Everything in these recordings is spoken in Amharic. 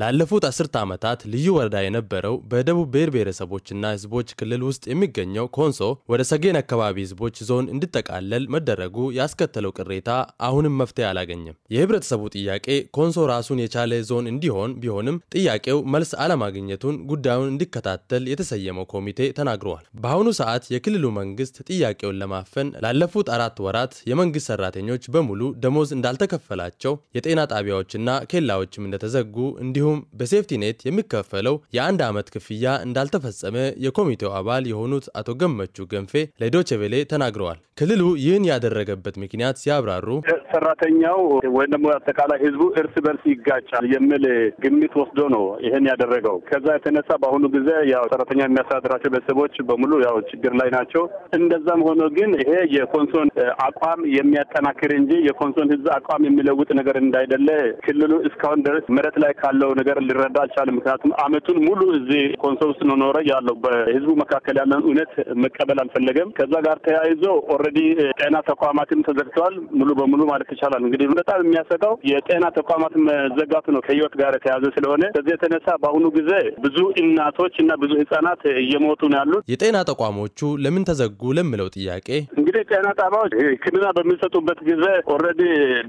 ላለፉት አስርተ ዓመታት ልዩ ወረዳ የነበረው በደቡብ ብሔር ብሔረሰቦችና ህዝቦች ክልል ውስጥ የሚገኘው ኮንሶ ወደ ሰጌን አካባቢ ህዝቦች ዞን እንዲጠቃለል መደረጉ ያስከተለው ቅሬታ አሁንም መፍትሄ አላገኘም። የህብረተሰቡ ጥያቄ ኮንሶ ራሱን የቻለ ዞን እንዲሆን ቢሆንም ጥያቄው መልስ አለማግኘቱን ጉዳዩን እንዲከታተል የተሰየመው ኮሚቴ ተናግረዋል። በአሁኑ ሰዓት የክልሉ መንግስት ጥያቄውን ለማፈን ላለፉት አራት ወራት የመንግስት ሰራተኞች በሙሉ ደሞዝ እንዳልተከፈላቸው፣ የጤና ጣቢያዎችና ኬላዎችም እንደተዘጉ እንዲሁም እንዲሁም በሴፍቲኔት የሚከፈለው የአንድ ዓመት ክፍያ እንዳልተፈጸመ የኮሚቴው አባል የሆኑት አቶ ገመቹ ገንፌ ለዶቼቬሌ ተናግረዋል። ክልሉ ይህን ያደረገበት ምክንያት ሲያብራሩ ሰራተኛው ወይም ደግሞ አጠቃላይ ህዝቡ እርስ በርስ ይጋጫል የሚል ግምት ወስዶ ነው ይህን ያደረገው። ከዛ የተነሳ በአሁኑ ጊዜ ያው ሰራተኛ የሚያስተዳድራቸው ቤተሰቦች በሙሉ ያው ችግር ላይ ናቸው። እንደዛም ሆኖ ግን ይሄ የኮንሶን አቋም የሚያጠናክር እንጂ የኮንሶን ህዝብ አቋም የሚለውጥ ነገር እንዳይደለ ክልሉ እስካሁን ድረስ መሬት ላይ ካለው ነገር ሊረዳ አልቻለም። ምክንያቱም አመቱን ሙሉ እዚህ ኮንሶ ውስጥ ኖረ ያለው በህዝቡ መካከል ያለን እውነት መቀበል አልፈለገም። ከዛ ጋር ተያይዞ ኦልሬዲ ጤና ተቋማትም ተዘግተዋል ሙሉ በሙሉ ማለት ይቻላል። እንግዲህ በጣም የሚያሰጋው የጤና ተቋማት መዘጋቱ ነው ከህይወት ጋር የተያዘ ስለሆነ ከዚህ የተነሳ በአሁኑ ጊዜ ብዙ እናቶች እና ብዙ ህጻናት እየሞቱ ነው ያሉት። የጤና ተቋሞቹ ለምን ተዘጉ ለምለው ጥያቄ እንግዲህ ጤና ጣቢያዎች ሕክምና በሚሰጡበት ጊዜ ኦልሬዲ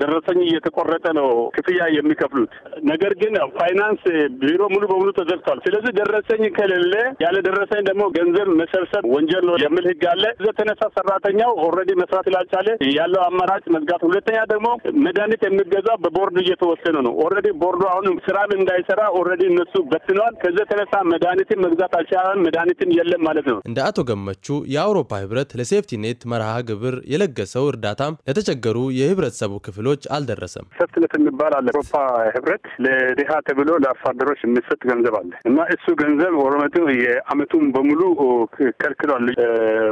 ደረሰኝ እየተቆረጠ ነው ክፍያ የሚከፍሉት። ነገር ግን ፋይናንስ ቢሮ ሙሉ በሙሉ ተዘግቷል። ስለዚህ ደረሰኝ ከሌለ ያለ ደረሰኝ ደግሞ ገንዘብ መሰብሰብ ወንጀል ነው የሚል ሕግ አለ። እዚህ ተነሳ ሰራተኛው ኦልሬዲ መስራት ስላልቻለ ያለው አማራጭ መዝጋት። ሁለተኛ ደግሞ መድኃኒት የሚገዛ በቦርዱ እየተወሰነ ነው። ኦልሬዲ ቦርዱ አሁን ስራም እንዳይሰራ ኦልሬዲ እነሱ በትነዋል። ከዚህ ተነሳ መድኃኒትን መግዛት አልቻለም። መድኃኒትን የለም ማለት ነው። እንደ አቶ ገመቹ የአውሮፓ ህብረት ለሴፍቲ ኔት መርሃ መርሃ ግብር የለገሰው እርዳታም ለተቸገሩ የህብረተሰቡ ክፍሎች አልደረሰም። ሰፍትነት የሚባል አለ አውሮፓ ህብረት ለድሃ ተብሎ ለአርሶአደሮች የሚሰጥ ገንዘብ አለ እና እሱ ገንዘብ ኦሮመቱ የአመቱን በሙሉ ከልክሏል።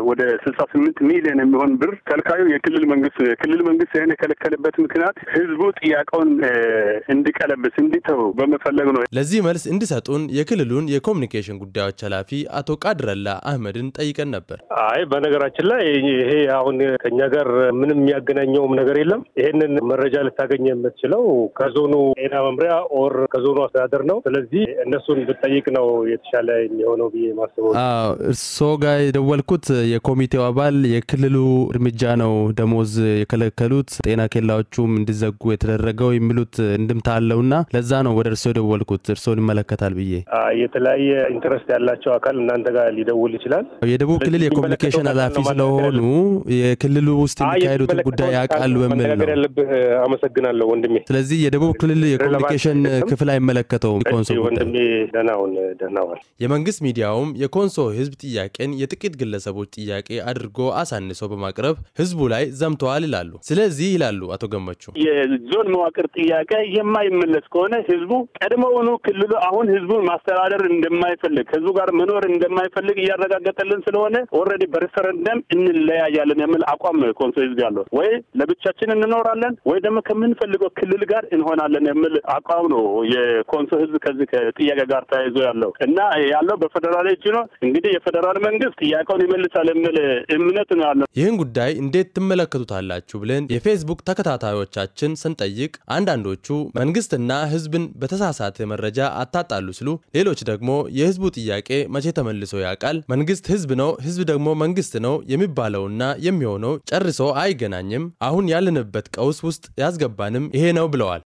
ወደ ስልሳ ስምንት ሚሊዮን የሚሆን ብር ከልካዩ የክልል መንግስት የክልል መንግስት ይህን የከለከለበት ምክንያት ህዝቡ ጥያቄውን እንዲቀለብስ እንዲተው በመፈለግ ነው። ለዚህ መልስ እንዲሰጡን የክልሉን የኮሚኒኬሽን ጉዳዮች ኃላፊ አቶ ቃድረላ አህመድን ጠይቀን ነበር። አይ በነገራችን ላይ ይሄ አሁን ከኛ ጋር ምንም የሚያገናኘውም ነገር የለም። ይሄንን መረጃ ልታገኝ የምትችለው ከዞኑ ጤና መምሪያ ኦር ከዞኑ አስተዳደር ነው። ስለዚህ እነሱን ብጠይቅ ነው የተሻለ የሚሆነው ብዬ ማስበው። እርስዎ ጋር የደወልኩት የኮሚቴው አባል የክልሉ እርምጃ ነው ደሞዝ የከለከሉት ጤና ኬላዎቹም እንዲዘጉ የተደረገው የሚሉት እንድምታ አለውና ለዛ ነው ወደ እርስዎ የደወልኩት። እርስዎን ይመለከታል ብዬ የተለያየ ኢንትረስት ያላቸው አካል እናንተ ጋር ሊደውል ይችላል። የደቡብ ክልል የኮሚኒኬሽን ኃላፊ ስለሆኑ የክልሉ ውስጥ የሚካሄዱትን ጉዳይ ያውቃል በሚል ነው። ያለብህ አመሰግናለሁ ወንድሜ። ስለዚህ የደቡብ ክልል የኮሚኒኬሽን ክፍል አይመለከተውም ኮንሶ የመንግስት ሚዲያውም የኮንሶ ህዝብ ጥያቄን የጥቂት ግለሰቦች ጥያቄ አድርጎ አሳንሶ በማቅረብ ህዝቡ ላይ ዘምተዋል ይላሉ። ስለዚህ ይላሉ አቶ ገመቹ የዞን መዋቅር ጥያቄ የማይመለስ ከሆነ ህዝቡ ቀድሞውኑ ክልሉ አሁን ህዝቡን ማስተዳደር እንደማይፈልግ ህዝቡ ጋር መኖር እንደማይፈልግ እያረጋገጠልን ስለሆነ ኦልሬዲ በሪፈረንደም እንለያያለን እንወያያለን የሚል አቋም ነው የኮንሶ ህዝብ ያለው። ወይ ለብቻችን እንኖራለን ወይ ደግሞ ከምንፈልገው ክልል ጋር እንሆናለን የሚል አቋም ነው የኮንሶ ህዝብ ከዚህ ከጥያቄ ጋር ተያይዞ ያለው እና ያለው በፌዴራል እጅ ነው። እንግዲህ የፌዴራል መንግስት ጥያቄውን ይመልሳል የሚል እምነት ነው ያለው። ይህን ጉዳይ እንዴት ትመለከቱታላችሁ ብለን የፌስቡክ ተከታታዮቻችን ስንጠይቅ አንዳንዶቹ መንግስትና ህዝብን በተሳሳተ መረጃ አታጣሉ ሲሉ፣ ሌሎች ደግሞ የህዝቡ ጥያቄ መቼ ተመልሶ ያውቃል? መንግስት ህዝብ ነው፣ ህዝብ ደግሞ መንግስት ነው የሚባለውና የሚሆነው ጨርሶ አይገናኝም። አሁን ያለንበት ቀውስ ውስጥ ያስገባንም ይሄ ነው ብለዋል።